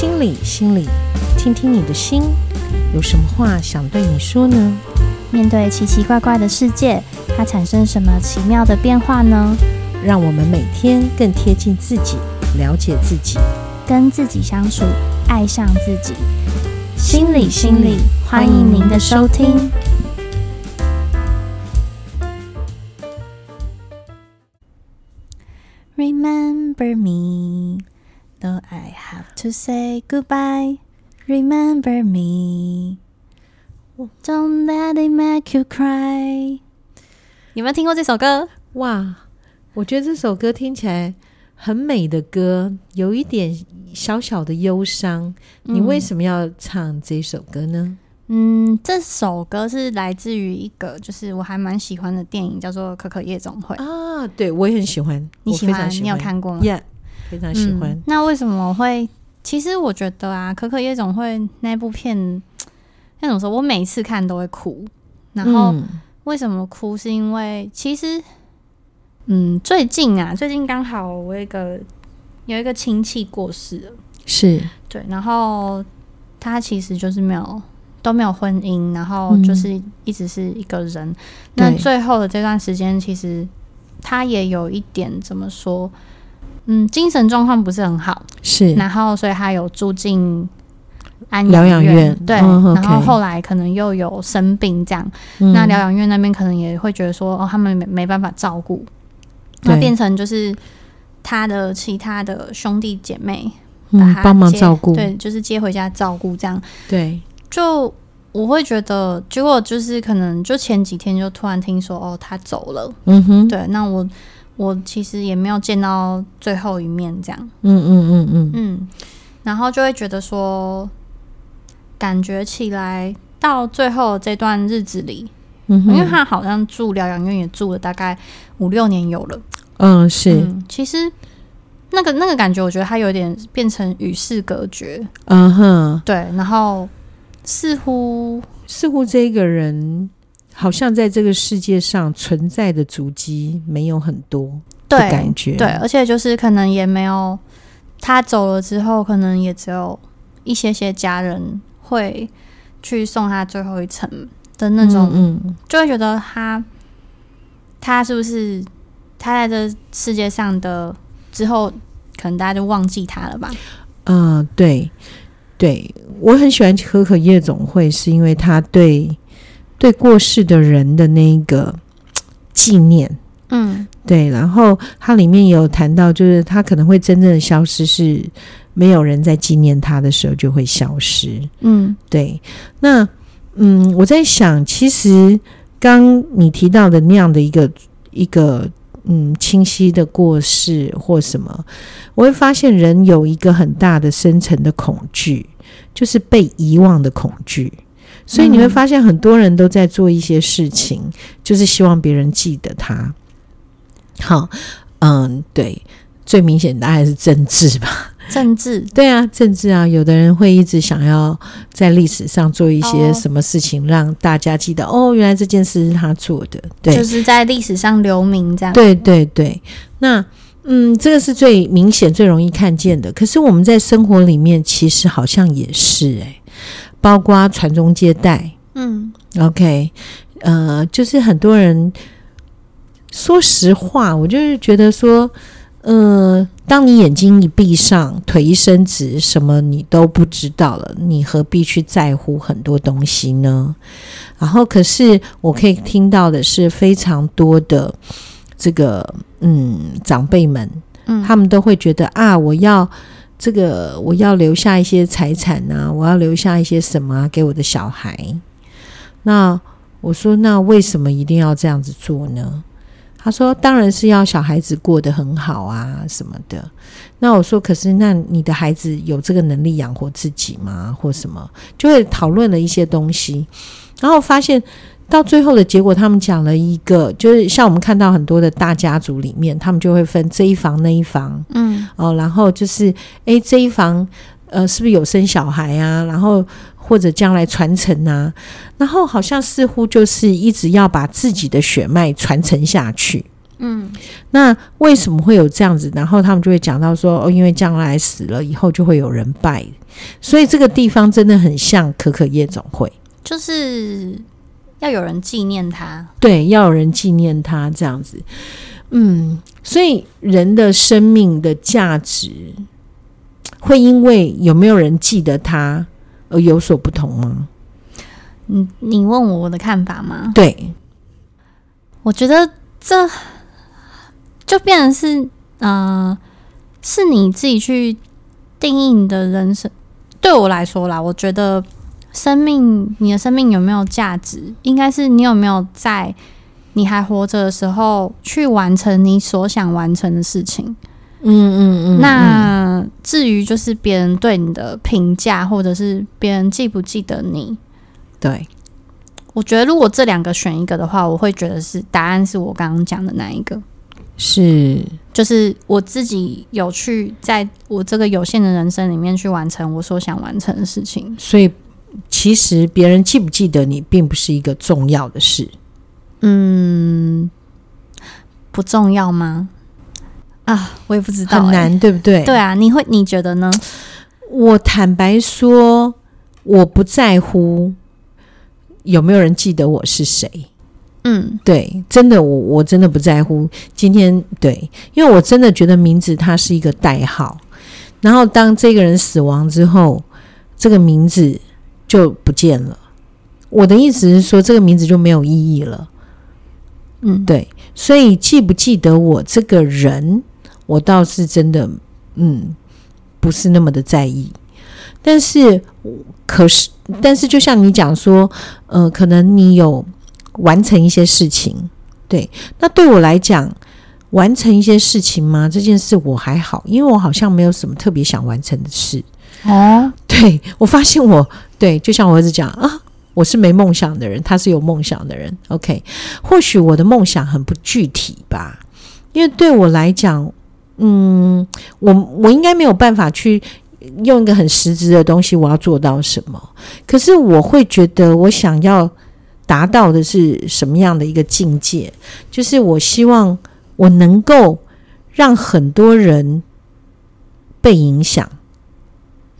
心裡，心裡，聽聽你的心，有什麼話想對你說呢？面對奇奇怪怪的世界，它產生什麼奇妙的變化呢？讓我們每天更貼近自己，了解自己，跟自己相處，愛上自己。心裡，心裡，歡迎您的收聽。Remember me. Though I have to say goodbye, remember me. Don't let it make you cry. 有沒有聽過這首歌？哇，我覺得這首歌聽起來很美的歌，有一點小小的憂傷。嗯、你為什麼要唱這首歌呢？嗯，嗯，這首歌是來自於一個就是我還蠻喜歡的電影，叫做《可可夜總會》啊。對，我也很喜歡。你喜歡？喜歡你有看過嗎？Yeah. 非常喜歡、嗯。那為什麼會？其實我覺得啊，《可可夜總會》那部片，那種時候，我每次看都會哭。然後為什麼哭？是因為其實，嗯，最近啊，最近剛好我一個有一個親戚過世了，是，對。然後他其實就是沒有都沒有婚姻，然後就是一直是一個人。嗯、那最後的這段時間，其實他也有一點怎麼說？嗯，精神狀況不是很好，是，然後所以他有住進安療養院，院對，嗯、然後後來可能又有生病這樣，嗯、那療養院那邊可能也會覺得說，哦，他們沒沒辦法照顧，對那變成就是他的其他的兄弟姐妹幫忙、嗯、照顧，對，就是接回家照顧這樣，對，就我會覺得，結果就是可能就前幾天就突然聽說，哦，他走了，嗯哼，對，那我。我其實也沒有見到最後一面，這樣。嗯嗯嗯嗯。嗯，嗯，嗯，嗯，然後就會覺得說，感覺起來到最後這段日子裡，嗯哼，因為他好像住療養院也住了大概五六年有了。嗯，嗯是。其實那個那個感覺，我覺得他有點變成與世隔絕。嗯哼。對，然後似乎似乎這個人。好像在這個世界上存在的足跡沒有很多的感覺，對，對，而且就是可能也沒有他走了之後，可能也只有一些些家人會去送他最後一程的那種，嗯，嗯，就會覺得他他是不是他在這世界上的之後，可能大家就忘記他了吧？嗯、呃，對，對，我很喜歡可可夜總會，是因為他對。對過世的人的那個紀念，嗯，對。然後它裡面有談到，就是他可能會真正的消失，是沒有人在紀念他的時候就會消失，嗯，對。那嗯，我在想，其實剛你提到的那樣的一個一個嗯清晰的過世或什麼，我會發現人有一個很大的深層的恐懼，就是被遺忘的恐懼。所以你會發現，很多人都在做一些事情，嗯、就是希望別人記得他。好，嗯，對，最明顯的答案是政治吧？政治，對啊，政治啊，有的人會一直想要在歷史上做一些什麼事情，讓大家記得哦，哦，原來這件事是他做的，對，就是在歷史上留名這樣。對對對，那嗯，這個是最明顯、最容易看見的。可是我們在生活裡面，其實好像也是誒、欸。包括傳宗接代，嗯，OK，呃，就是很多人，說實話，我就是覺得說，呃，當你眼睛一閉上，腿一伸直，什麼你都不知道了，你何必去在乎很多東西呢？然後，可是我可以聽到的是非常多的這個，嗯，長輩們，嗯，他們都會覺得啊，我要。這個我要留下一些財產啊，我要留下一些什麼啊，給我的小孩。那我說，那為什麼一定要這樣子做呢？他說，當然是要小孩子過得很好啊，什麼的。那我說，可是那你的孩子有這個能力養活自己嗎？或什麼？就會討論了一些東西，然後我發現。到最後的結果，他們講了一個，就是像我們看到很多的大家族裡面，他們就會分這一房那一房，嗯，哦，然後就是，哎、欸，這一房，呃，是不是有生小孩啊？然後或者將來傳承啊？然後好像似乎就是一直要把自己的血脈傳承下去，嗯。那為什麼會有這樣子？然後他們就會講到說，哦，因為將來死了以後就會有人拜，所以這個地方真的很像可可夜總會，就是。要有人紀念他，對，要有人紀念他這樣子，嗯，所以人的生命的價值會因為有沒有人記得他而有所不同嗎？你你問我我的看法嗎？對，我覺得這就變成是，嗯、呃，是你自己去定義你的人生。對我來說啦，我覺得。生命，你的生命有沒有價值？應該是你有沒有在你還活着的時候去完成你所想完成的事情。嗯嗯嗯。嗯嗯，那至於就是別人對你的評價，或者是別人記不記得你？對，我覺得如果這兩個選一個的話，我會覺得是答案是我剛剛講的那一個，是就是我自己有去在我這個有限的人生裡面去完成我所想完成的事情，所以。其實別人記不記得你，並不是一個重要的事。嗯，不重要嗎？啊，我也不知道欸，很難，對不對？對啊，你會你覺得呢？我坦白說，我不在乎有沒有人記得我是誰。嗯，對，真的，我我真的不在乎。今天，對，因為我真的覺得名字它是一個代號。然後，當這個人死亡之後，這個名字。就不見了。我的意思是說，這個名字就沒有意義了。嗯，對。所以記不記得我這個人，我倒是真的，嗯，不是那麼的在意。但是，可是，但是，就像你講說，呃，可能你有完成一些事情。對，那對我來講，完成一些事情嗎？這件事我還好，因為我好像沒有什麼特別想完成的事。啊，對我發現我，我對就像我兒子講啊，我是沒夢想的人，他是有夢想的人。OK，或許我的夢想很不具體吧，因為對我來講，嗯，我我應該沒有辦法去用一個很實質的東西，我要做到什麼？可是我會覺得，我想要達到的是什麼樣的一個境界？就是我希望我能夠讓很多人被影響。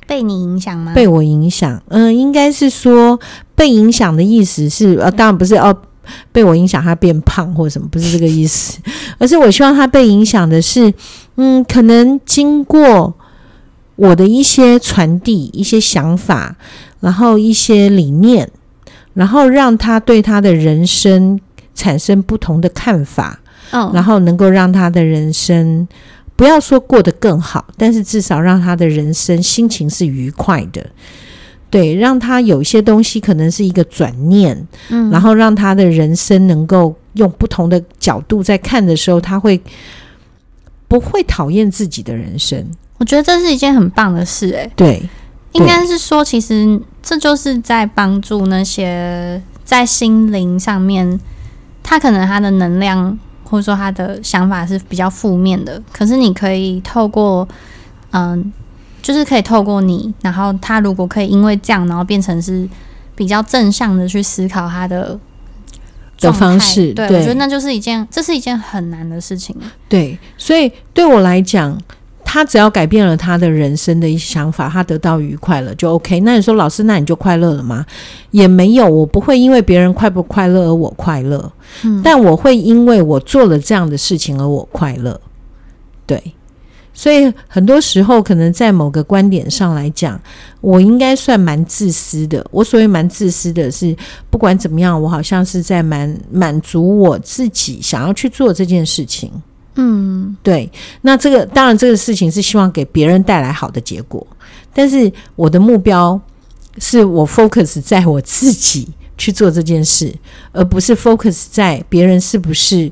被你影響嗎？被我影響，嗯、呃，應該是說被影響的意思是，呃，當然不是哦、呃，被我影響他變胖或者什麼，不是這個意思， 而是我希望他被影響的是，嗯，可能經過我的一些傳遞、一些想法，然後一些理念，然後讓他對他的人生產生不同的看法，嗯、哦，然後能夠讓他的人生。不要說過得更好，但是至少讓他的人生心情是愉快的，對，讓他有一些東西可能是一個轉念，嗯，然後讓他的人生能夠用不同的角度在看的時候，他會不會討厭自己的人生？我覺得這是一件很棒的事，欸，哎，對，應該是說，其實這就是在幫助那些在心靈上面，他可能他的能量。或者說他的想法是比較負面的，可是你可以透過，嗯，就是可以透過你，然後他如果可以因為這樣，然後變成是比較正向的去思考他的狀態、的方式，對，對，我覺得那就是一件，對，這是一件很難的事情。對，所以對我來講。他只要改變了他的人生的一些想法，他得到愉快了就 OK。那你說，老師，那你就快樂了嗎？也沒有，我不會因為別人快不快樂而我快樂。嗯，但我會因為我做了這樣的事情而我快樂。對，所以很多時候可能在某個觀點上來講，我應該算蠻自私的。我所謂蠻自私的是，不管怎麼樣，我好像是在滿滿足我自己想要去做這件事情。嗯，對。那這個當然，這個事情，是希望給別人帶來好的結果。但是我的目標是我 focus 在我自己去做這件事，而不是 focus 在別人是不是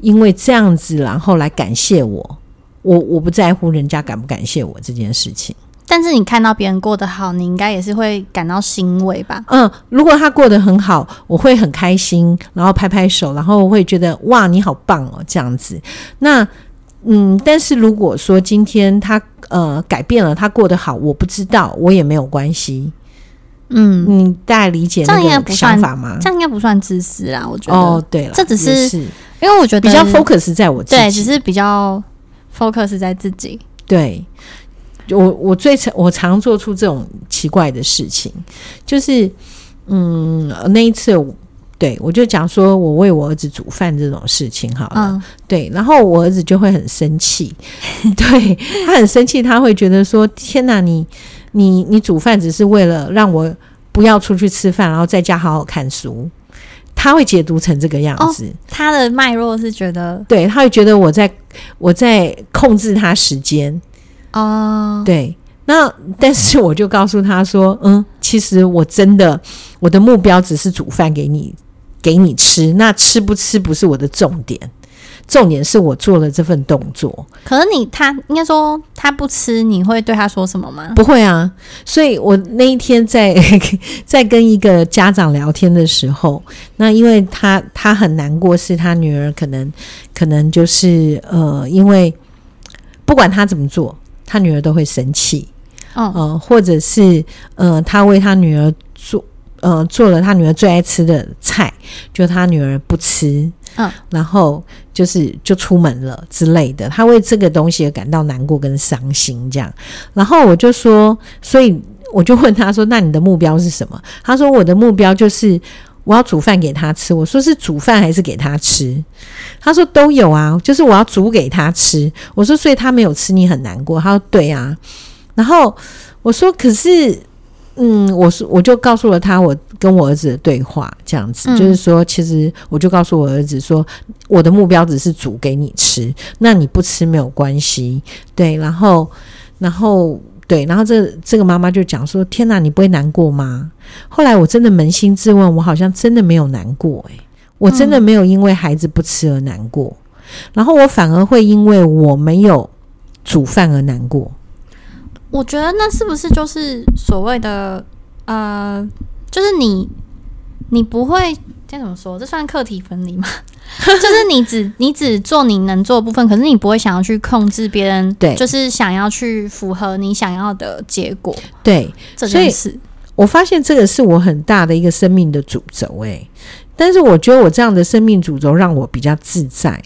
因為這樣子然後來感謝我。我我不在乎人家感不感謝我這件事情。但是你看到別人過得好，你應該也是會感到欣慰吧？嗯，如果他過得很好，我會很開心，然後拍拍手，然後會覺得哇，你好棒哦，這樣子。那嗯，但是如果說今天他呃改變了，他過得好，我不知道，我也沒有關係。嗯，你大概理解想法嗎？這這樣應該不算嗎？這樣應該不算自私啦。我覺得哦，對了，這只是，是因為我覺得比較 focus 在我自己。對，只是比較 focus 在自己對。我我最常我常做出這種奇怪的事情，就是嗯，那一次對，我就講說我為我兒子煮飯這種事情好了，嗯、對，然後我兒子就會很生氣，對，他很生氣，他會覺得說天哪，你你你煮飯只是為了讓我不要出去吃飯，然後在家好好看書，他會解讀成這個樣子，哦、他的脈絡是覺得，對，他會覺得我在我在控制他時間。哦，uh、對，那但是我就告訴他說，嗯，其實我真的我的目標只是煮飯給你給你吃，那吃不吃不是我的重點，重點是我做了這份動作。可是你他應該說他不吃，你會對他說什麼嗎？不會啊，所以我那一天在 在跟一個家長聊天的時候，那因為他他很難過，是他女兒可能可能就是呃，因為不管他怎麼做。他女兒都會生氣，嗯、oh. 呃，或者是呃，他為他女兒做呃做了他女兒最愛吃的菜，就他女兒不吃，嗯，oh. 然後就是就出門了之類的，他為這個東西而感到難過跟傷心這樣。然後我就說，所以我就問他說：“那你的目標是什麼？”他說：“我的目標就是。”我要煮飯給他吃，我說是煮飯還是給他吃？他說都有啊，就是我要煮給他吃。我說，所以他沒有吃，你很難過。他說對啊。然後我說，可是，嗯，我說我就告訴了他我跟我兒子的對話這樣子，嗯、就是說，其實我就告訴我兒子說，我的目標只是煮給你吃，那你不吃沒有關係。對，然後，然後。對，然後這這個媽媽就講說：“天哪，你不會難過嗎？”後來我真的捫心自問，我好像真的沒有難過、欸，誒，我真的沒有因為孩子不吃而難過，嗯、然後我反而會因為我沒有煮飯而難過。我覺得那是不是就是所謂的，呃，就是你。你不會，這怎麼說？這算課題分離嗎？ 就是你只你只做你能做的部分，可是你不會想要去控制別人，對，就是想要去符合你想要的結果，對。這樣子。所以，我發現這個是我很大的一個生命的主軸，誒，但是我覺得我這樣的生命主軸讓我比較自在，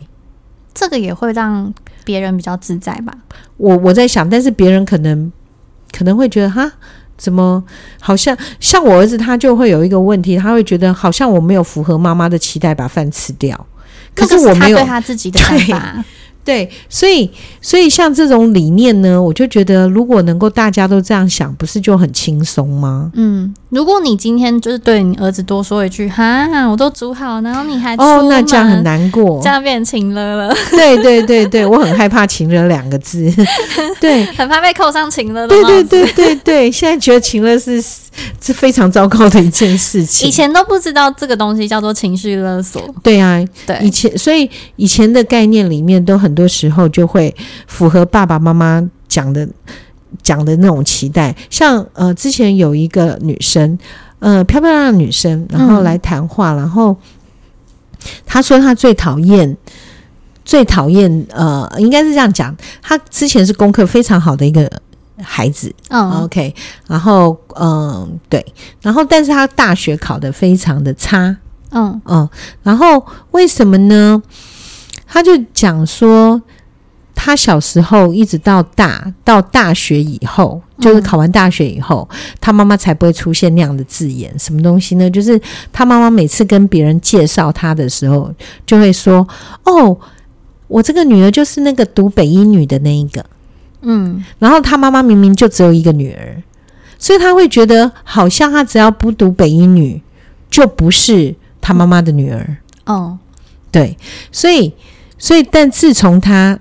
這個也會讓別人比較自在吧。我我在想，但是別人可能可能會覺得哈。怎麼？好像像我兒子，他就會有一個問題，他會覺得好像我沒有符合媽媽的期待，把飯吃掉。可是我沒有，是他對他自己的看法。對，對，所以所以像這種理念呢，我就覺得如果能夠大家都這樣想，不是就很輕鬆嗎？嗯。如果你今天就是對你兒子多說一句，哈，哈，我都煮好，然後你還出哦，那這樣很難過，這樣變成情勒了。 對對對對，我很害怕“情勒”兩個字。對， 很怕被扣上情勒。對，對對對對對，現在覺得情勒是是非常糟糕的一件事情。 以前都不知道這個東西叫做情緒勒索。對啊，對，以前所以以前的概念裡面，都很多時候就會符合爸爸媽媽講的。講的那種期待，像呃，之前有一個女生，呃，漂漂亮的女生，然後來談話，嗯、然後她說她最討厭，最討厭，呃，應該是這樣講，她之前是功課非常好的一個孩子，嗯，OK，然後嗯、呃，對，然後但是她大學考得非常的差，嗯嗯，然後為什麼呢？她就講說。他小時候一直到大，到大學以後，就是考完大學以後，嗯、他媽媽才不會出現那樣的字眼。什麼東西呢？就是他媽媽每次跟別人介紹他的時候，就會說：“哦，我這個女兒就是那個讀北一女的那一個。”嗯，然後他媽媽明明就只有一個女兒，所以他會覺得好像他只要不讀北一女，就不是他媽媽的女兒。哦，對，所以，所以，但自從他。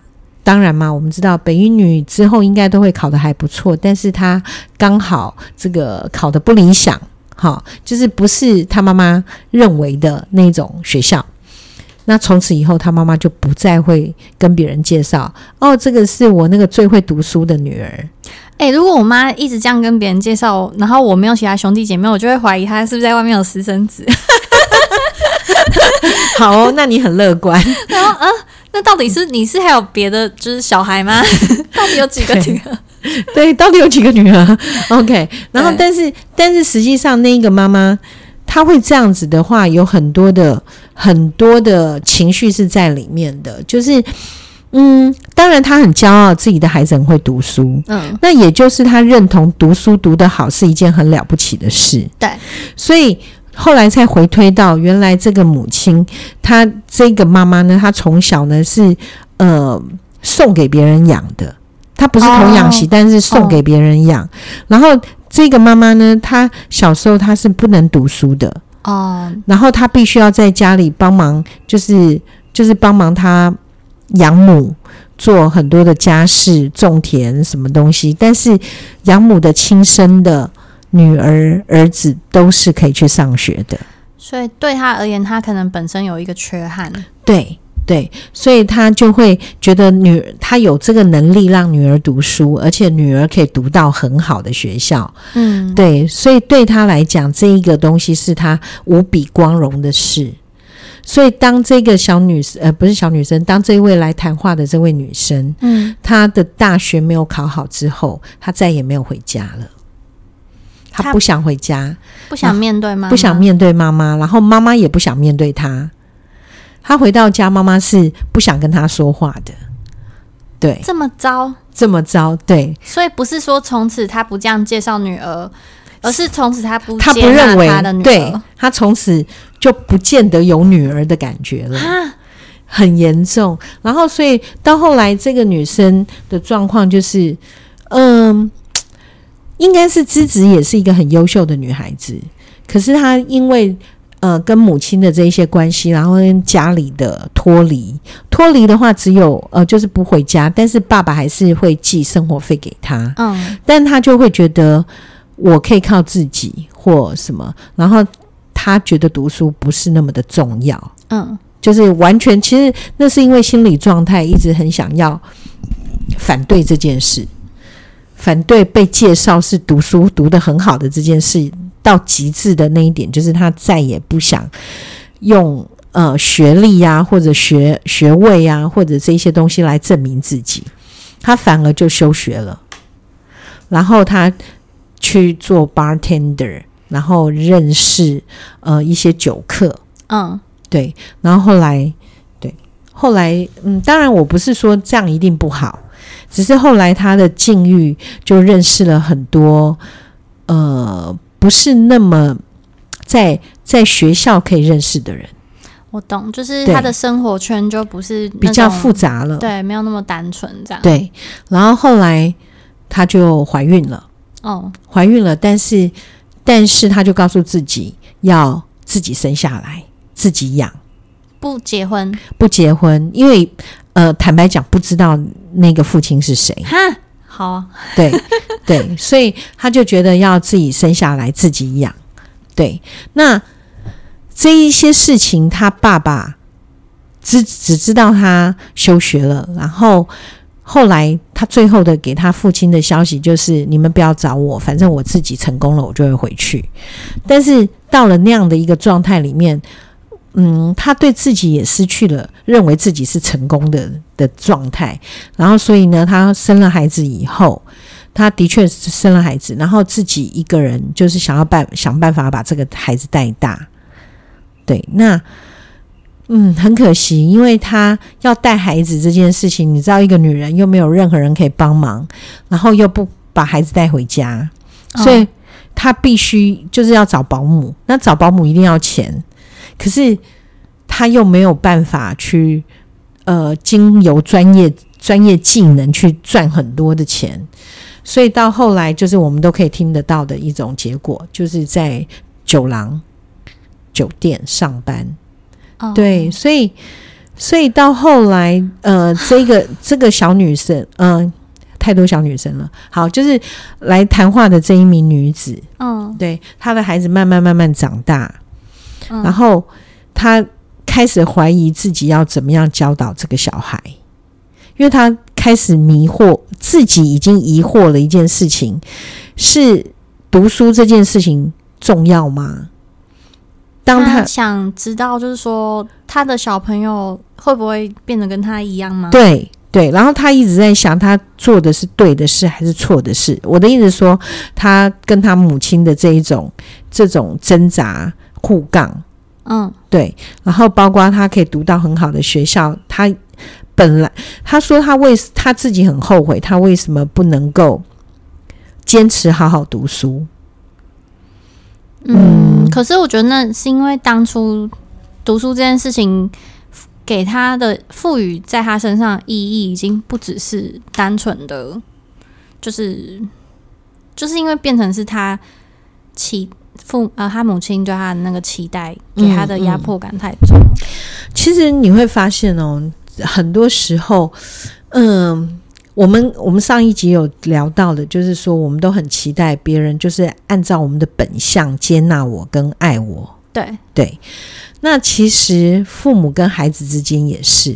當然嘛，我們知道北一女之後應該都會考得還不錯，但是她剛好這個考得不理想，好、哦，就是不是她媽媽認為的那種學校。那從此以後，她媽媽就不再會跟別人介紹哦，這個是我那個最會讀書的女兒。哎、欸，如果我媽一直這樣跟別人介紹，然後我沒有其他兄弟姐妹，我就會懷疑她是不是在外面有私生子。 好哦，那你很樂觀。然後啊。那到底是你是還有別的就是小孩嗎？ 到底有幾個女兒？對，到底有幾個女兒？OK。然後，但是對但是實際上，那個媽媽她會這樣子的話，有很多的很多的情緒是在裡面的。就是嗯，當然她很驕傲自己的孩子很會讀書，嗯，那也就是她認同讀書讀得好是一件很了不起的事，對，所以。後來才回推到，原來這個母親，她這個媽媽呢，她從小呢是呃送給別人養的，她不是童養媳，oh, 但是送給別人養。Oh. 然後這個媽媽呢，她小時候她是不能讀書的哦，oh. 然後她必須要在家裡幫忙，就是就是幫忙她養母做很多的家事、種田什麼東西。但是養母的親生的。女兒、兒子都是可以去上學的，所以對他而言，他可能本身有一個缺憾。對對，所以他就會覺得女他有這個能力讓女兒讀書，而且女兒可以讀到很好的學校。嗯，對，所以對他來講，這一個東西是他無比光榮的事。所以，當這個小女，呃，不是小女生，當這一位來談話的這位女生，嗯，她的大學沒有考好之後，她再也沒有回家了。他不想回家，不想面對媽，媽不想面對媽媽，然後媽媽也不想面對他。他回到家，媽媽是不想跟他說話的。對，這麼糟，這麼糟，對。所以不是說從此他不這樣介紹女兒，而是從此他不他，他不認為，對他從此就不見得有女兒的感覺了，蛤很嚴重。然後，所以到後來，這個女生的狀況就是，嗯。應該是知子也是一個很優秀的女孩子，可是她因為呃跟母親的這一些關係，然後跟家裡的脫離，脫離的話只有呃就是不回家，但是爸爸還是會寄生活費給她，嗯，但她就會覺得我可以靠自己或什麼，然後她覺得讀書不是那麼的重要，嗯，就是完全其實那是因為心理狀態一直很想要反對這件事。反對被介紹是讀書讀得很好的這件事到極致的那一點，就是他再也不想用呃學歷呀、啊、或者學學位呀、啊、或者這些東西來證明自己，他反而就休學了。然後他去做 bartender，然後認識呃一些酒客，嗯，對。然後後來，對，後來，嗯，當然我不是說這樣一定不好。只是後來她的境遇就認識了很多，呃，不是那麼在在學校可以認識的人。我懂，就是她的生活圈對就不是比較複雜了，對，沒有那麼單純這樣。對，然後後來她就懷孕了，哦，懷孕了，但是但是她就告訴自己要自己生下來，自己養，不結婚，不結婚，因為。呃，坦白講，不知道那個父親是誰。哈，好啊， 對對，所以他就覺得要自己生下來自己養。對，那這一些事情，他爸爸只只知道他休學了，然後後來他最後的給他父親的消息就是：你們不要找我，反正我自己成功了，我就會回去。但是到了那樣的一個狀態裡面。嗯，她對自己也失去了認為自己是成功的的狀態，然後所以呢，她生了孩子以後，她的確是生了孩子，然後自己一個人就是想要辦想辦法把這個孩子帶大。對，那嗯，很可惜，因為她要帶孩子這件事情，你知道，一個女人又沒有任何人可以幫忙，然後又不把孩子帶回家，哦、所以她必須就是要找保姆。那找保姆一定要錢。可是他又沒有辦法去，呃，經由專業專業技能去賺很多的錢，所以到後來就是我們都可以聽得到的一種結果，就是在酒廊、酒店上班。Oh. 對，所以，所以到後來，呃，這個這個小女生，嗯、 呃，太多小女生了。好，就是來談話的這一名女子，嗯，Oh. 對，她的孩子慢慢慢慢長大。然後他開始懷疑自己要怎麼樣教導這個小孩，因為他開始迷惑，自己已經疑惑了一件事情：是讀書這件事情重要嗎？當他，他想知道，就是說他的小朋友會不會變得跟他一樣嗎？對對，然後他一直在想，他做的是對的事還是錯的事？我的意思是說，他跟他母親的這一種這種掙扎。互槓，嗯，對，嗯、然後包括他可以讀到很好的學校，他本來他說他為他自己很後悔，他為什麼不能夠堅持好好讀書？嗯，可是我覺得那是因為當初讀書這件事情給他的賦予在他身上意義，已經不只是單純的，就是就是因為變成是他其父呃，他母親對他的那個期待給他的壓迫感太重。嗯，嗯。其實你會發現哦，很多時候，嗯，我們我們上一集有聊到的，就是說我們都很期待別人就是按照我們的本相接納我跟愛我。對對，那其實父母跟孩子之間也是。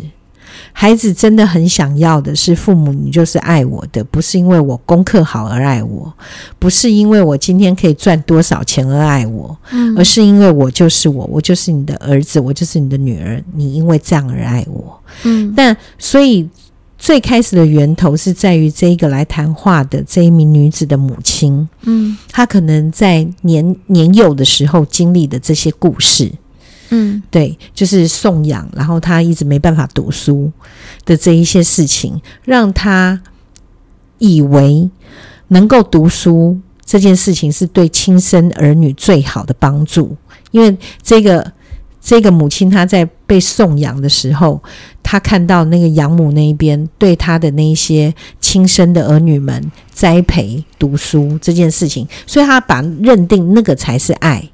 孩子真的很想要的是父母，你就是愛我的，不是因為我功課好而愛我，不是因為我今天可以賺多少錢而愛我，嗯，而是因為我就是我，我就是你的兒子，我就是你的女兒，你因為這樣而愛我。嗯。但所以最開始的源頭是在於這一個來談話的這一名女子的母親，嗯，她可能在年年幼的時候經歷的這些故事。嗯，對，就是送養，然後他一直沒辦法讀書的這一些事情，讓他以為能夠讀書這件事情是對親生兒女最好的幫助。因為這個這個母親她在被送養的時候，她看到那個養母那一邊對她的那一些親生的兒女們栽培讀書這件事情，所以她把認定那個才是愛。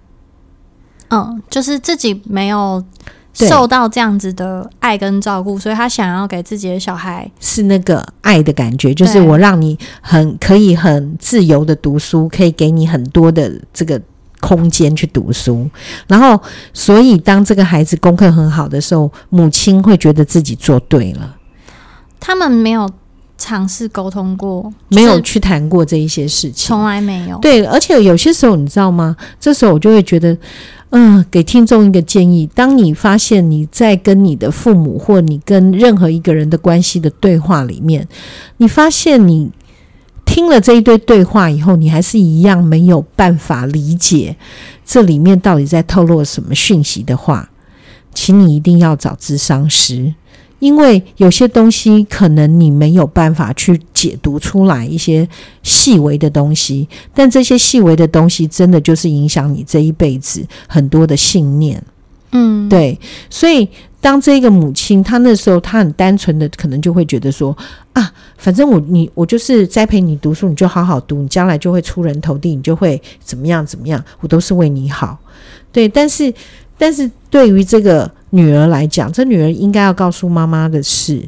嗯，就是自己沒有受到這樣子的愛跟照顧，對所以他想要給自己的小孩是那個愛的感覺，對就是我讓你很可以很自由的讀書，可以給你很多的這個空間去讀書。然後，所以當這個孩子功課很好的時候，母親會覺得自己做對了。他們沒有嘗試溝通過，就是、沒有去談過這一些事情，從來沒有。對，而且有些時候你知道嗎？這時候我就會覺得。嗯，給聽眾一個建議：當你發現你在跟你的父母或你跟任何一個人的關係的對話裡面，你發現你聽了這一堆對、對話以後，你還是一樣沒有辦法理解這裡面到底在透露什麼訊息的話，請你一定要找諮商師。因為有些東西可能你沒有辦法去解讀出來一些細微的東西，但這些細微的東西真的就是影響你這一輩子很多的信念，嗯，對。所以當這個母親，她那時候她很單純的，可能就會覺得說啊，反正我你我就是栽培你讀書，你就好好讀，你將來就會出人頭地，你就會怎麼樣怎麼樣，我都是為你好，對。但是但是對於這個。女兒來講，這女兒應該要告訴媽媽的是，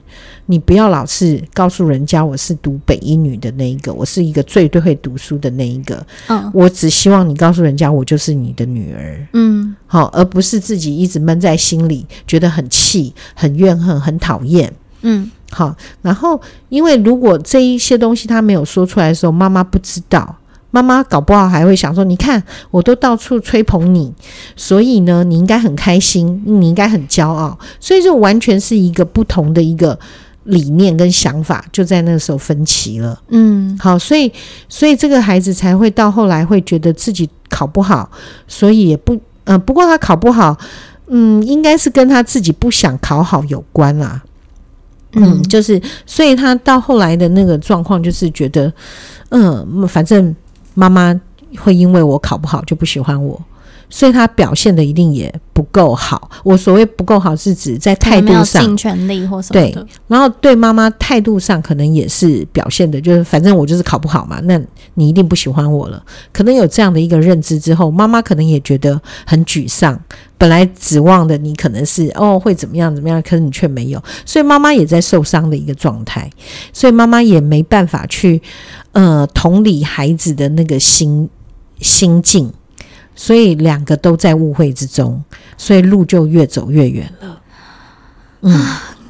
你不要老是告訴人家我是讀北一女的那一個，我是一個最最會讀書的那一個。哦、我只希望你告訴人家，我就是你的女兒。嗯，好、哦，而不是自己一直悶在心裡，覺得很氣、很怨恨、很討厭。嗯，好、哦。然後，因為如果這一些東西他沒有說出來的時候，媽媽不知道。媽媽搞不好還會想說：“你看，我都到處吹捧你，所以呢，你應該很開心，你應該很驕傲。”所以，就完全是一個不同的一個理念跟想法，就在那個時候分歧了。嗯，好，所以，所以這個孩子才會到後來會覺得自己考不好，所以也不……呃，不過他考不好，嗯，應該是跟他自己不想考好有關啦、啊。嗯，就是，所以他到後來的那個狀況，就是覺得，嗯，反正。媽媽會因為我考不好就不喜歡我，所以她表現的一定也不夠好。我所謂不夠好是指在態度上，盡全力或什麼。對，然後對媽媽態度上可能也是表現的，就是反正我就是考不好嘛，那你一定不喜歡我了。可能有這樣的一個認知之後，媽媽可能也覺得很沮喪。本來指望的你可能是哦會怎麼樣怎麼樣，可是你卻沒有，所以媽媽也在受傷的一個狀態，所以媽媽也沒辦法去。呃，同理孩子的那個心心境，所以兩個都在誤會之中，所以路就越走越遠了。嗯嗯、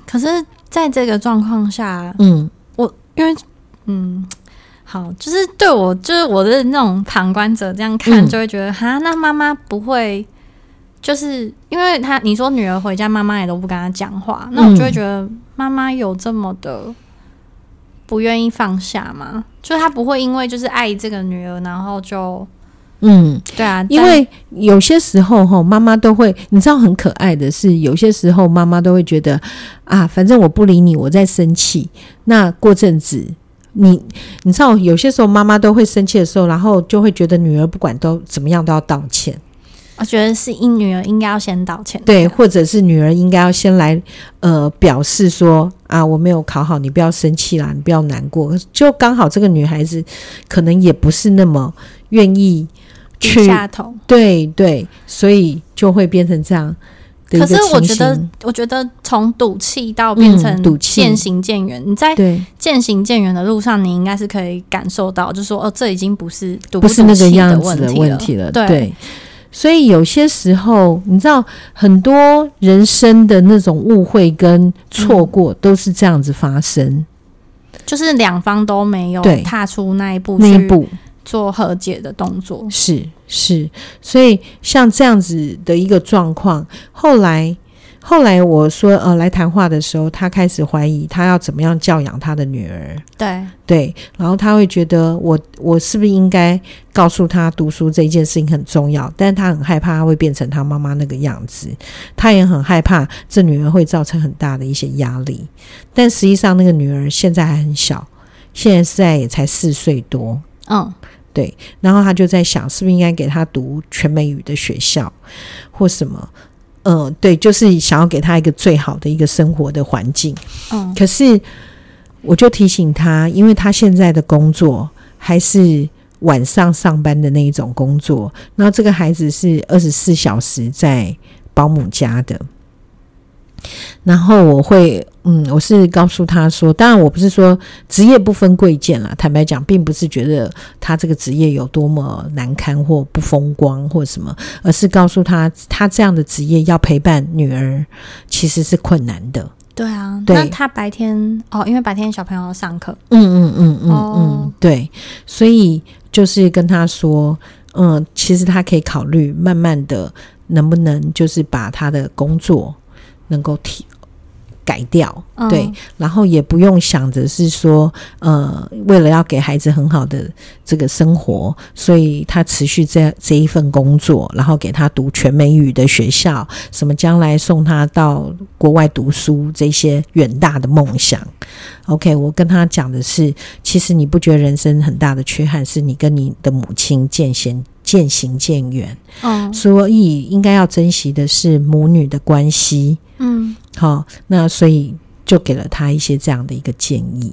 可是在這個狀況下，嗯，我因為嗯，好，就是對我，就是我的那種旁觀者這樣看，嗯、就會覺得哈，那媽媽不會，就是因為他你說女兒回家，媽媽也都不跟她講話，那我就會覺得媽媽有這麼的。嗯不願意放下嘛？就他不會因為就是愛這個女兒，然後就嗯，對啊，但因為有些時候吼媽媽都會，你知道很可愛的是，有些時候媽媽都會覺得啊，反正我不理你，我在生氣。那過陣子，你你知道，有些時候媽媽都會生氣的時候，然後就會覺得女兒不管都怎麼樣都要道歉。我覺得是，女兒應該要先道歉。對，或者是女兒應該要先來，呃，表示說啊，我沒有考好，你不要生氣啦，你不要難過。就剛好這個女孩子可能也不是那麼願意去，下頭對對，所以就會變成這樣。可是我覺得，我覺得從賭氣到變成漸行漸遠。嗯、你在漸行漸遠的路上，嗯、你應該是可以感受到，就是說，對哦，這已經不是賭氣的問題了，問題了對。對所以有些時候，你知道，很多人生的那種誤會跟錯過，嗯、都是這樣子發生，就是兩方都沒有踏出那一步，那一步做和解的動作。是是，所以像這樣子的一個狀況，後來。後來我說，呃，來談話的時候，他開始懷疑他要怎麼樣教養他的女兒。對對，然後他會覺得我，我我是不是應該告訴他讀書這一件事情很重要？但是他很害怕他會變成他媽媽那個樣子，他也很害怕這女兒會造成很大的一些壓力。但實際上，那個女兒現在還很小，現在現在也才四歲多。嗯，對。然後他就在想，是不是應該給他讀全美語的學校或什麼？嗯，對，就是想要給他一個最好的一個生活的環境。嗯，可是我就提醒他，因為他現在的工作還是晚上上班的那一種工作，然後這個孩子是二十四小時在保姆家的。然後我會，嗯，我是告訴他說，當然我不是說職業不分貴賤啦。坦白講，並不是覺得他這個職業有多麼難堪或不風光或什麼，而是告訴他，他這樣的職業要陪伴女兒其實是困難的。對啊，對那他白天哦，因為白天小朋友要上課，嗯嗯嗯嗯嗯，嗯嗯嗯哦、對，所以就是跟他說，嗯，其實他可以考慮慢慢的能不能就是把他的工作。能夠提改掉、嗯、對，然後也不用想着是說，呃，為了要給孩子很好的這個生活，所以他持續在這一份工作，然後給他讀全美語的學校，什麼將來送他到國外讀書這些遠大的夢想。OK，我跟他講的是，其實你不覺得人生很大的缺憾是你跟你的母親漸行漸行漸遠，嗯，所以應該要珍惜的是母女的關係。嗯，好，哦，那所以就給了他一些這樣的一個建議，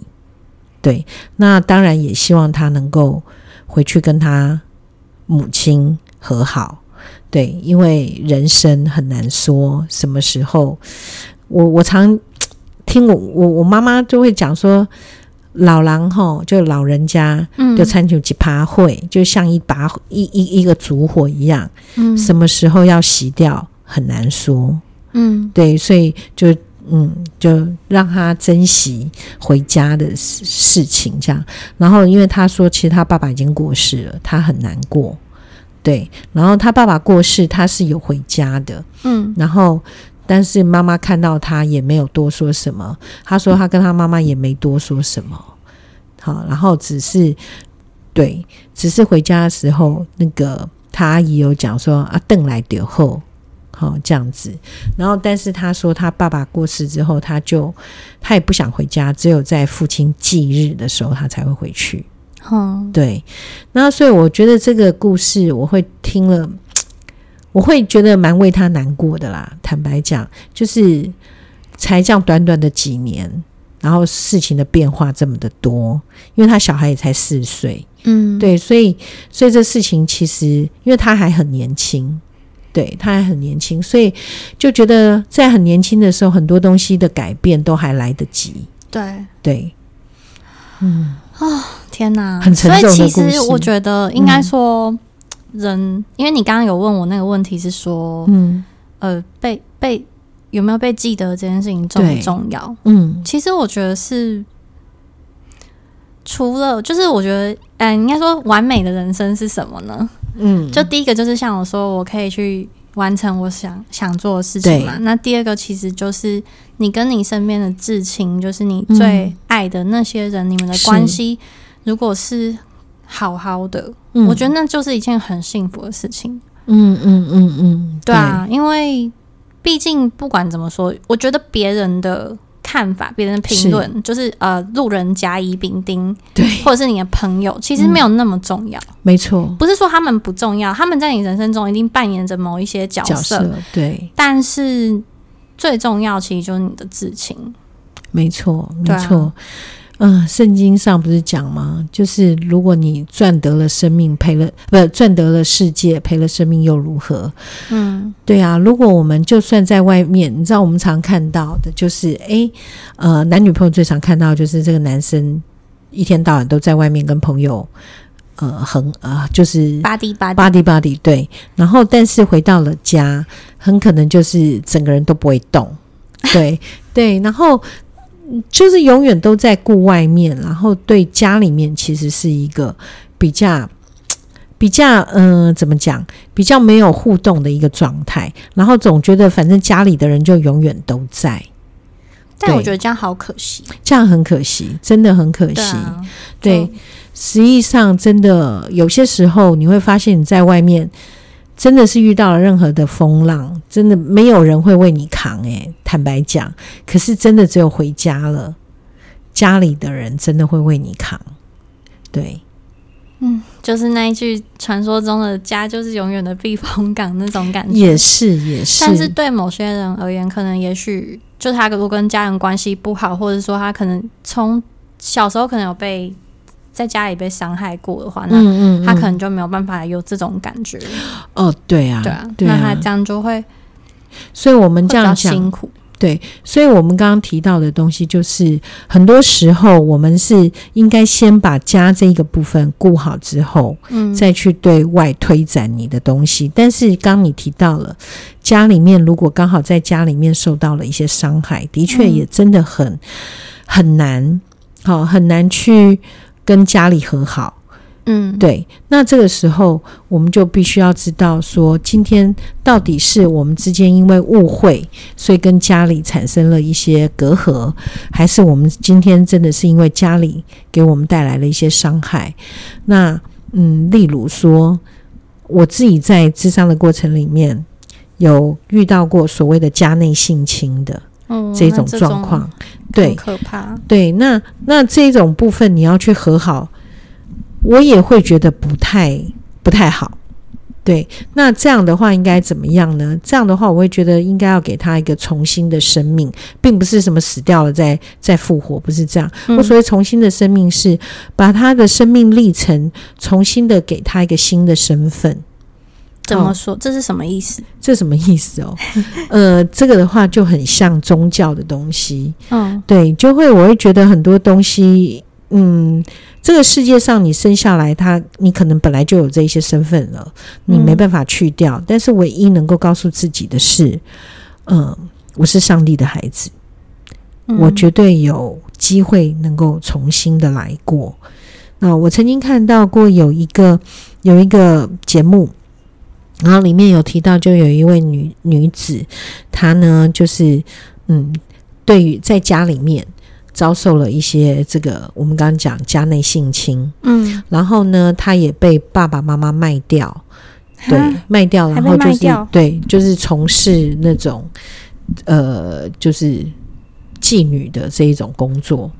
對，那當然也希望他能夠回去跟他母親和好，對，因為人生很難說什麼時候，我我常聽我我我媽媽就會講說，老狼齁，就老人家就參加幾趴會，嗯，就像一把一一一一個燭火一樣，嗯，什麼時候要熄掉很難說。嗯，對，所以就嗯，就讓他珍惜回家的事事情這樣。然後，因為他說，其實他爸爸已經過世了，他很難過。對，然後他爸爸過世，他是有回家的，嗯。然後，但是媽媽看到他也沒有多說什麼。他說他跟他媽媽也沒多說什麼。好，然後只是對，只是回家的時候，那個他阿姨有講說啊，回來就好。哦，這樣子，然後但是他說他爸爸過世之後，他就他也不想回家，只有在父親忌日的時候他才會回去。哦，對。那所以我覺得這個故事我會聽了，我會覺得蠻為他難過的啦。坦白講，就是才這樣短短的幾年，然後事情的變化這麼的多，因為他小孩也才四歲。嗯，對，所以所以這事情其實因為他還很年輕。對，他還很年輕，所以就覺得在很年輕的時候，很多東西的改變都還來得及。對對，嗯啊，天哪，很成所以其實我覺得，應該說人，嗯、因為你剛剛有問我那個問題是說，嗯呃，被被有沒有被記得這件事情重不對重要？嗯，其實我覺得是除了，就是我覺得，嗯、呃，應該說完美的人生是什麼呢？嗯，就第一個就是像我說，我可以去完成我想想做的事情嘛。對那第二個其實就是你跟你身邊的至親，就是你最愛的那些人，嗯、你們的關係是如果是好好的，嗯、我覺得那就是一件很幸福的事情。嗯嗯嗯嗯，嗯嗯嗯對啊，對因為畢竟不管怎麼說，我覺得別人的。看法、別人的評論，是就是呃，路人甲、乙、丙、丁，對，或者是你的朋友，其實沒有那麼重要。嗯、沒錯，不是說他們不重要，他們在你人生中一定扮演着某一些角色，角色對。但是最重要，其實就是你的至親，沒錯，沒錯。嗯，聖經上不是講嗎？就是如果你賺得了生命，賠了不賺得了世界，賠了生命又如何？嗯，對啊。如果我們就算在外面，你知道我們常看到的就是，哎，呃，男女朋友最常看到就是這個男生一天到晚都在外面跟朋友，呃，很啊，呃，就是 body body，body, body，對。然後，但是回到了家，很可能就是整個人都不會動。對 對，然後。就是永遠都在顧外面，然後對家裡面其實是一個比較、比較嗯、呃，怎麼講？比較沒有互動的一個狀態。然後總覺得反正家裡的人就永遠都在，但對我覺得這樣好可惜，這樣很可惜，真的很可惜。對、啊、對，實際上真的有些時候你會發現你在外面。真的是遇到了任何的風浪，真的沒有人會為你扛。哎、欸，坦白講，可是真的只有回家了，家裡的人真的會為你扛。對，嗯，就是那一句傳說中的「家就是永遠的避風港」那種感覺，也是也是。但是對某些人而言，可能也許就他如果跟家人關係不好，或者說他可能從小時候可能有被。在家裡被傷害過的話，那他可能就沒有辦法有這種感覺。嗯嗯嗯、哦，對啊，對啊，對啊。那他這樣就會。所以我們這樣講，辛苦。對，所以我們剛剛提到的東西，就是很多時候我們是應該先把家這一個部分顧好之後，嗯，再去對外推展你的東西。但是剛你提到了家裡面，如果剛好在家裡面受到了一些傷害，的確也真的很、嗯、很難，好、哦、很難去。跟家裡和好，嗯，對。那這個時候，我們就必須要知道說，說今天到底是我們之間因為誤會，所以跟家裡產生了一些隔閡，還是我們今天真的是因為家裡給我們帶來了一些傷害？那，嗯，例如說，我自己在諮商的過程裡面，有遇到過所謂的家內性侵的。這種狀況，對、嗯，很可怕對。對，那那這種部分你要去和好，我也會覺得不太不太好。對，那這樣的話應該怎麼樣呢？這樣的話，我會覺得應該要給他一個重新的生命，並不是什麼死掉了再再復活，不是這樣。我所謂重新的生命是把他的生命歷程重新的給他一個新的身份。怎麼說？哦、這是什麼意思？這什麼意思哦？ 呃，這個的話就很像宗教的東西，嗯，對，就會我會覺得很多東西，嗯，這個世界上你生下來它，他你可能本來就有這些身份了，你沒辦法去掉。嗯、但是唯一能夠告訴自己的是，嗯、呃，我是上帝的孩子，嗯、我絕對有機會能夠重新的來過。那、呃、我曾經看到過有一個有一個節目。然後裡面有提到，就有一位女女子，她呢，就是嗯，對於在家裡面遭受了一些這個，我們剛剛講家內性侵，嗯，然後呢，她也被爸爸媽媽賣掉，嗯、對，賣掉，然後就是對，就是從事那種呃，就是妓女的這一種工作，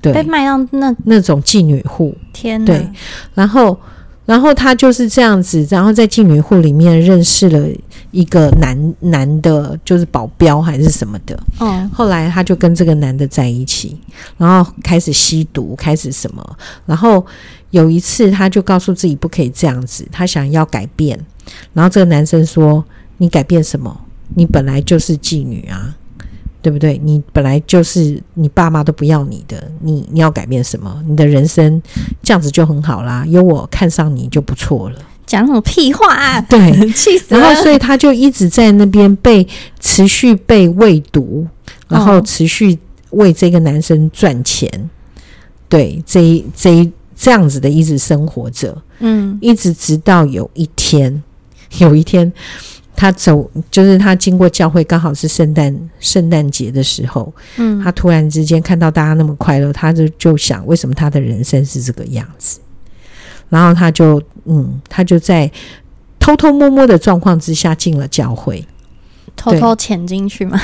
對，被賣到那那種妓女戶，天哪，對，然後。然後她就是這樣子，然後在妓女戶裡面認識了一個男男的，就是保鏢還是什麼的。哦，後來他就跟這個男的在一起，然後開始吸毒，開始什麼。然後有一次，他就告訴自己不可以這樣子，他想要改變。然後這個男生說：“你改變什麼？你本來就是妓女啊。”對不對？你本來就是你爸媽都不要你的，你你要改變什麼？你的人生這樣子就很好啦，有我看上你就不錯了。講什麼屁話啊，對，氣死了。然後所以他就一直在那邊被持續被餵毒，然後持續為這個男生賺錢。哦，對，這一這一這樣子的一直生活着，嗯，一直直到有一天，有一天。他走，就是他經過教會，剛好是聖誕聖誕節的時候。嗯，他突然之間看到大家那麼快樂，他就就想：為什麼他的人生是這個樣子？然後他就嗯，他就在偷偷摸摸的狀況之下進了教會，偷偷潛進去嗎？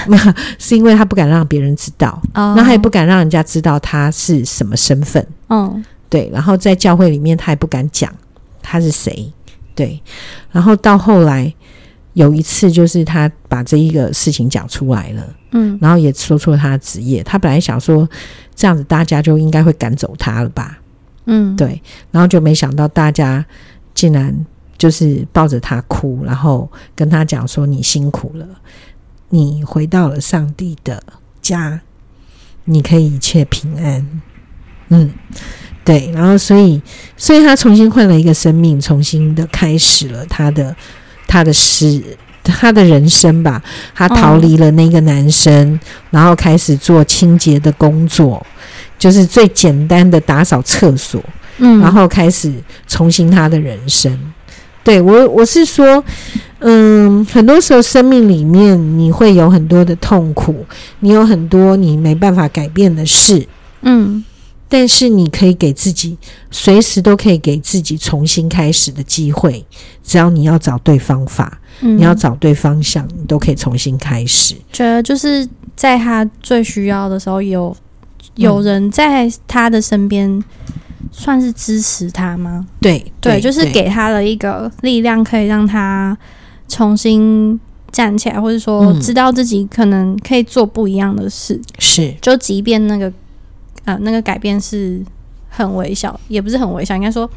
是因為他不敢讓別人知道，那、oh. 他也不敢讓人家知道他是什麼身份。嗯，oh. 對。然後在教會裡面，他也不敢講他是誰。對，然後到後來。有一次，就是他把這一個事情講出來了，嗯，然後也說出了他的職業。他本來想說這樣子，大家就應該會趕走他了吧，嗯，對。然後就沒想到大家竟然就是抱着他哭，然後跟他講說：“你辛苦了，你回到了上帝的家，你可以一切平安。”嗯，對。然後所以，所以他重新換了一個生命，重新的開始了他的。他的事，他的人生吧。他逃離了那個男生，哦，然後開始做清潔的工作，就是最簡單的打掃廁所。嗯，然後開始重新他的人生。對，我，我是說，嗯，很多時候生命裡面你會有很多的痛苦，你有很多你沒辦法改變的事。嗯。但是你可以給自己，隨時都可以給自己重新開始的機會，只要你要找對方法，嗯、你要找對方向，你都可以重新開始。覺得就是在他最需要的時候，有有人在他的身邊，算是支持他嗎？嗯、對對，對，就是給他的一個力量，可以讓他重新站起來，或者說知道自己可能可以做不一樣的事。嗯、是，就即便那個。啊、呃，那個改變是很微小，也不是很微小，應該說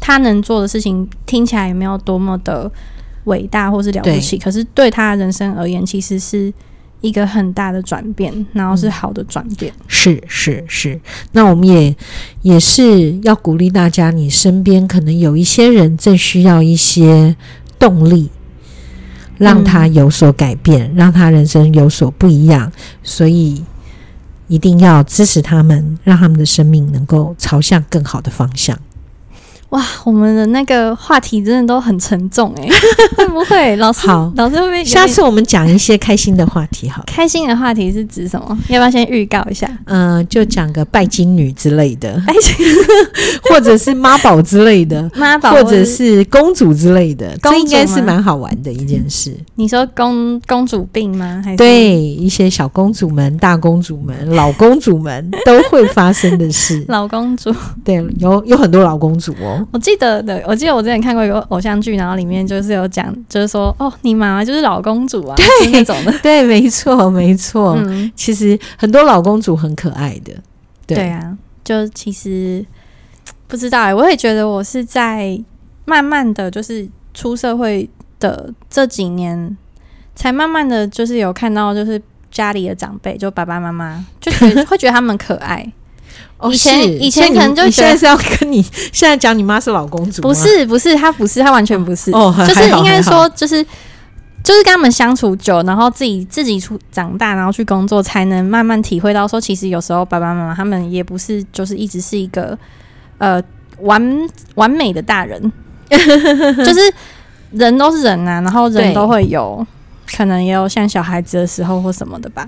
他能做的事情聽起來也沒有多麼的偉大或是了不起，對可是對他的人生而言，其實是一個很大的轉變，然後是好的轉變。嗯、是是是，那我們也也是要鼓勵大家，你身邊可能有一些人正需要一些動力，讓他有所改變，嗯、讓他人生有所不一樣，所以。一定要支持他們，讓他們的生命能夠朝向更好的方向。哇，我們的那個話題真的都很沉重哎、欸！ 會不會，老師好，老師會不會？下次我們講一些開心的話題好。開心的話題是指什麼？要不要先預告一下？嗯、呃，就講個拜金女之類的，拜金， 或者是媽寶之類的，媽寶或者是公主之類的，公主，這應該是蠻好玩的一件事。你說公公主病嗎？還是？對，一些小公主們、大公主們、老公主們都會發生的事。 老公主對，有有很多老公主哦。我記得的，我記得我之前看過一個偶像劇，然後裡面就是有講，就是說，哦，你媽媽就是老公主啊，對，是那種的，對，沒錯，沒錯。嗯、其實很多老公主很可愛的，對，對啊，就其實不知道哎、欸，我也覺得我是在慢慢的就是出社會的這幾年，才慢慢的就是有看到，就是家裡的長輩，就爸爸媽媽，就覺得 會覺得他們可愛。以前、哦、以前可能就現在是要跟你現在講，你媽是老公主嗎?不是，他不是，她不是，她完全不是。哦、就是應該說，就是就是跟他們相處久，然後自己自己出長大，然後去工作，才能慢慢體會到說，其實有時候爸爸媽媽他們也不是，就是一直是一個呃完完美的大人， 就是人都是人啊，然後人都會有對可能也有像小孩子的時候或什麼的吧。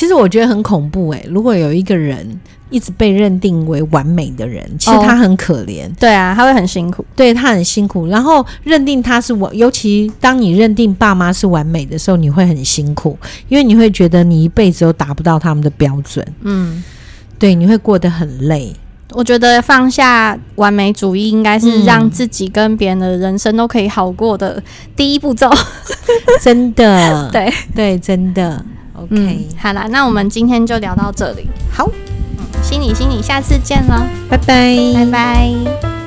其實我覺得很恐怖哎、欸，如果有一個人一直被認定為完美的人，其實他很可憐。哦、對啊，他會很辛苦。對，他很辛苦，然後認定他是完，尤其當你認定爸媽是完美的時候，你會很辛苦，因為你會覺得你一輩子都達不到他們的標準。嗯，對，你會過得很累。我覺得放下完美主義，應該是讓自己跟別人的人生都可以好過的第一步驟。 真的，對對，真的。OK，嗯、好了，那我們今天就聊到這裡。好，心裡心裡，下次見了，拜拜 bye，拜拜。